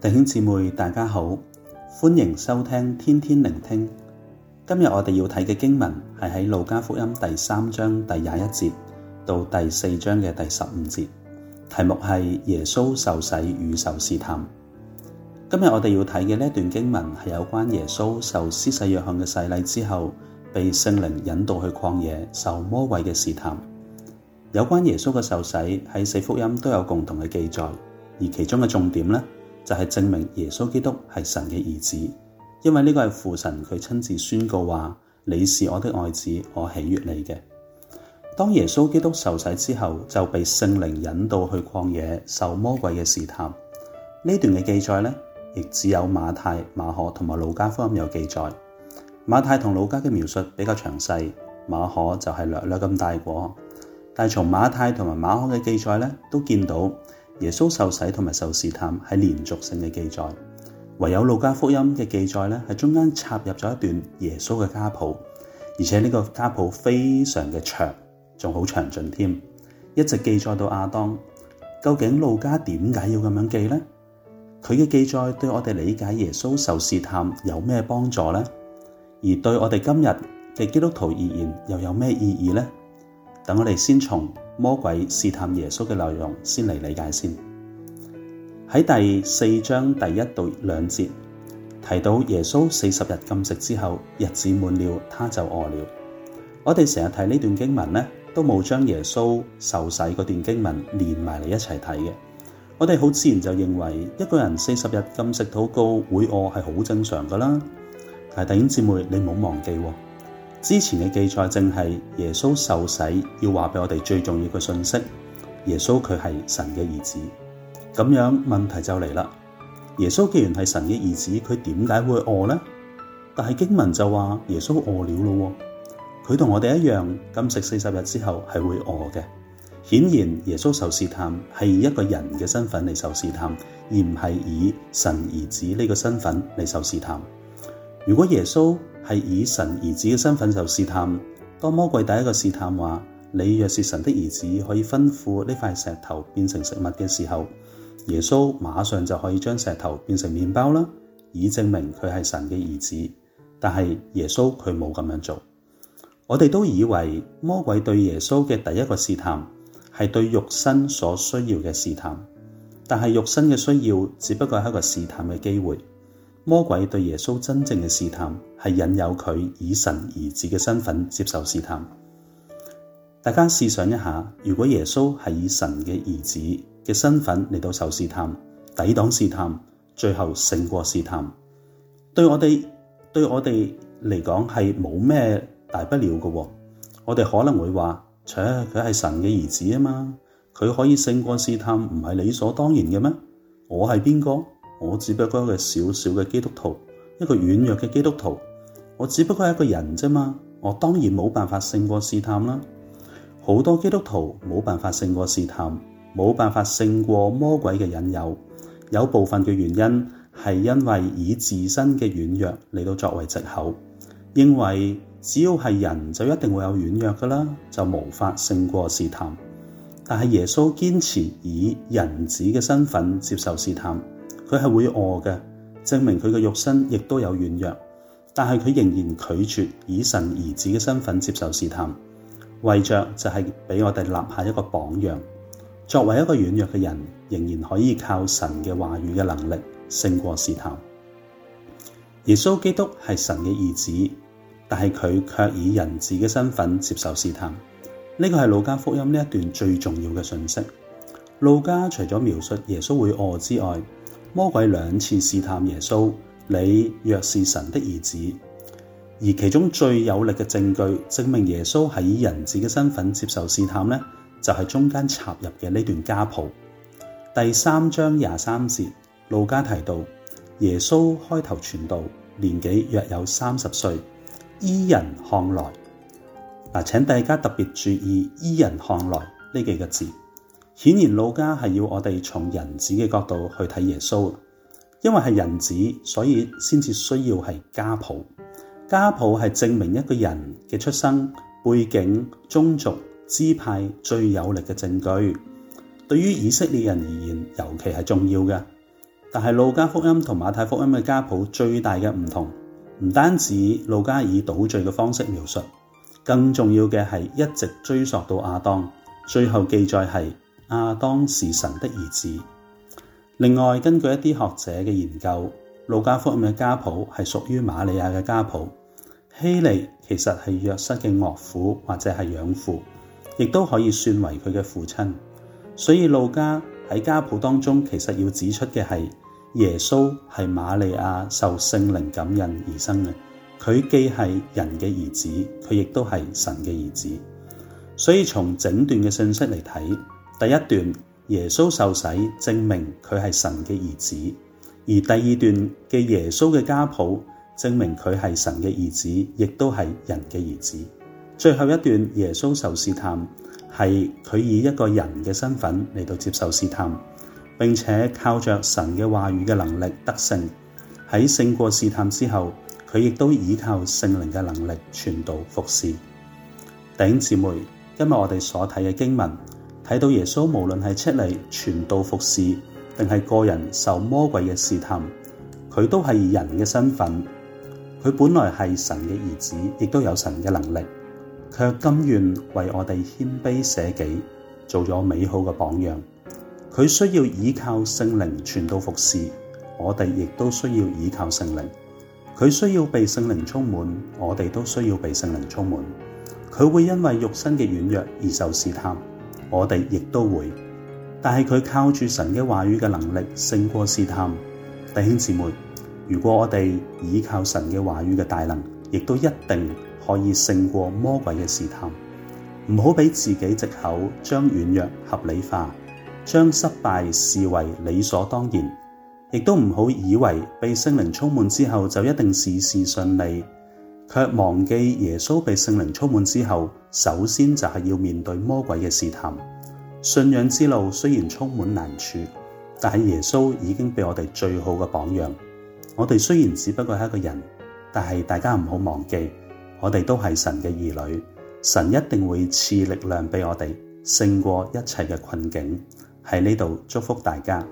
弟兄姊妹，大家好，歡迎收聽天天聆聽。今日我哋要睇嘅經文係喺路加福音第三章第廿一節到第四章嘅第十五節，題目係耶穌受洗與受試探。今日我哋要睇嘅呢段經文係有關耶穌受施洗約翰嘅洗禮之後，被聖靈引導去曠野受魔鬼嘅試探。有關耶穌嘅受洗喺四福音都有共同嘅記載，而其中嘅重點呢。就係證明耶穌基督係神嘅兒子，因為呢個係父神佢親自宣告話：「你是我的愛子，我喜悅你嘅。」當耶穌基督受洗之後，就被聖靈引導去曠野受魔鬼嘅試探。呢段嘅記載呢，亦只有馬太、馬可同埋路加福音有記載。馬太同路加嘅描述比較詳細，馬可就係略略咁帶過。但係從馬太同埋馬可嘅記載呢，都見到。耶穌受洗同埋受試探係連續性嘅記載，唯有路加福音嘅記載咧，係中間插入咗一段耶穌嘅家譜，而且呢個家譜非常嘅長，仲好詳盡添，一直記載到亞當。究竟路加點解要咁樣記呢？佢嘅記載對我哋理解耶穌受試探有咩幫助呢？而對我哋今日嘅基督徒而言，又有咩意義呢？等我哋先從。魔鬼試探耶穌嘅內容，先嚟理解先。喺第四章第一到兩節提到耶穌四十日禁食之後，日子滿了，他就餓了。我哋成日睇呢段經文咧，都冇將耶穌受洗嗰段經文連埋嚟一齊睇嘅。我哋好自然就認為一個人四十日禁食禱告會餓係好正常噶啦。但係弟兄姊妹，你唔好忘記喎啊。之前嘅記載正係耶穌受洗要話俾我哋最重要嘅信息，耶穌佢係神嘅兒子，咁樣問題就嚟啦。耶穌既然係神嘅兒子，佢點解會餓呢？但係經文就話耶穌餓了咯，佢同我哋一樣，禁食四十日之後係會餓嘅。顯然耶穌受試探係以一個人嘅身份嚟受試探，而唔係以神兒子呢個身份嚟受試探。如果耶穌，係以神兒子嘅身份就試探。當魔鬼第一個試探話：你若是神的兒子，可以吩咐呢塊石頭變成食物嘅時候，耶穌馬上就可以將石頭變成麵包啦，以證明佢係神嘅兒子。但係耶穌佢冇咁樣做。我哋都以為魔鬼對耶穌嘅第一個試探係對肉身所需要嘅試探，但係肉身嘅需要只不過係一個試探嘅機會。魔鬼對耶穌真正嘅試探，係引誘佢以神兒子嘅身份接受試探。大家試想一下，如果耶穌係以神嘅兒子嘅身份嚟到受試探，抵擋試探，最後勝過試探，對我哋對我哋嚟講係冇咩大不了嘅。我哋可能會話：切，佢係神嘅兒子啊嘛，佢可以勝過試探，唔係理所當然嘅咩？我係邊個？我只不過一個小小嘅基督徒，一個軟弱嘅基督徒。我只不過係一個人啫嘛。我當然冇辦法勝過試探啦。好多基督徒冇辦法勝過試探，冇辦法勝過魔鬼嘅引誘。有部分嘅原因係因為以自身嘅軟弱嚟到作為藉口，認為只要係人就一定會有軟弱㗎啦，就無法勝過試探。但係耶穌堅持以人子嘅身份接受試探。佢係會餓嘅，證明佢嘅肉身亦都有軟弱，但係佢仍然拒絕以神兒子嘅身份接受試探，為着就係俾我哋立下一個榜樣。作為一個軟弱嘅人，仍然可以靠神嘅話語嘅能力勝過試探。耶穌基督係神嘅兒子，但係佢卻以人子嘅身份接受試探。呢個係路加福音呢一段最重要嘅信息。路加除咗描述耶穌會餓之外，魔鬼兩次試探耶穌，「你若是神的兒子」。而其中最有力嘅證據，證明耶穌係以人子嘅身份接受試探呢，就係中間插入嘅呢段家譜。第三章廿三節，路加提到耶穌開頭傳道，年紀約有三十歲，依人看來。嗱，請大家特別注意依人看來呢幾個字。顯然路加係要我哋從人子嘅角度去睇耶穌，因為係人子，所以先至需要係家譜。家譜係證明一個人嘅出生背景、宗族、支派最有力嘅證據，對於以色列人而言尤其係重要嘅。但係路加福音同馬太福音嘅家譜最大嘅唔同，唔單止路加以倒敘嘅方式描述，更重要嘅係一直追溯到亞當，最後記載係。亞當是神的兒子。另外，根據一啲學者嘅研究，路加福音嘅家譜係屬於瑪利亞嘅家譜。希利其實係約瑟嘅岳父或者係養父，亦都可以算為佢嘅父親。所以路加喺家譜當中，其實要指出嘅係耶穌係瑪利亞受聖靈感孕而生嘅。佢既係人嘅兒子，佢亦都係神嘅兒子。所以從整段嘅信息嚟睇。第一段耶穌受洗，證明佢係神嘅兒子；而第二段嘅耶穌嘅家譜，證明佢係神嘅兒子，亦都係人嘅兒子。最後一段耶穌受試探，係佢以一個人嘅身份嚟到接受試探，並且靠着神嘅話語嘅能力得勝。喺勝過試探之後，佢亦都依靠聖靈嘅能力傳道服侍。弟兄姊妹，今日我哋所睇嘅經文。睇到耶穌，無論係出嚟傳道服侍，定係個人受魔鬼嘅試探，佢都係人嘅身份。佢本來係神嘅兒子，亦都有神嘅能力，卻甘願為我哋謙卑捨己，做咗美好嘅榜樣。佢需要依靠聖靈傳道服侍，我哋亦都需要依靠聖靈。佢需要被聖靈充滿，我哋都需要被聖靈充滿。佢會因為肉身嘅軟弱而受試探。我哋亦都會，但係佢靠住神嘅話語嘅能力勝過試探。弟兄姊妹，如果我哋依靠神嘅話語嘅大能，亦都一定可以勝過魔鬼嘅試探。唔好俾自己藉口將軟弱合理化，將失敗視為理所當然，亦都唔好以為被聖靈充滿之後就一定事事順利。卻忘記耶穌被聖靈充滿之後，首先就係要面對魔鬼嘅試探。信仰之路雖然充滿難處，但係耶穌已經俾我哋最好嘅榜樣。我哋雖然只不過係一個人，但係大家唔好忘記，我哋都係神嘅兒女，神一定會賜力量俾我哋勝過一切嘅困境。喺呢度祝福大家。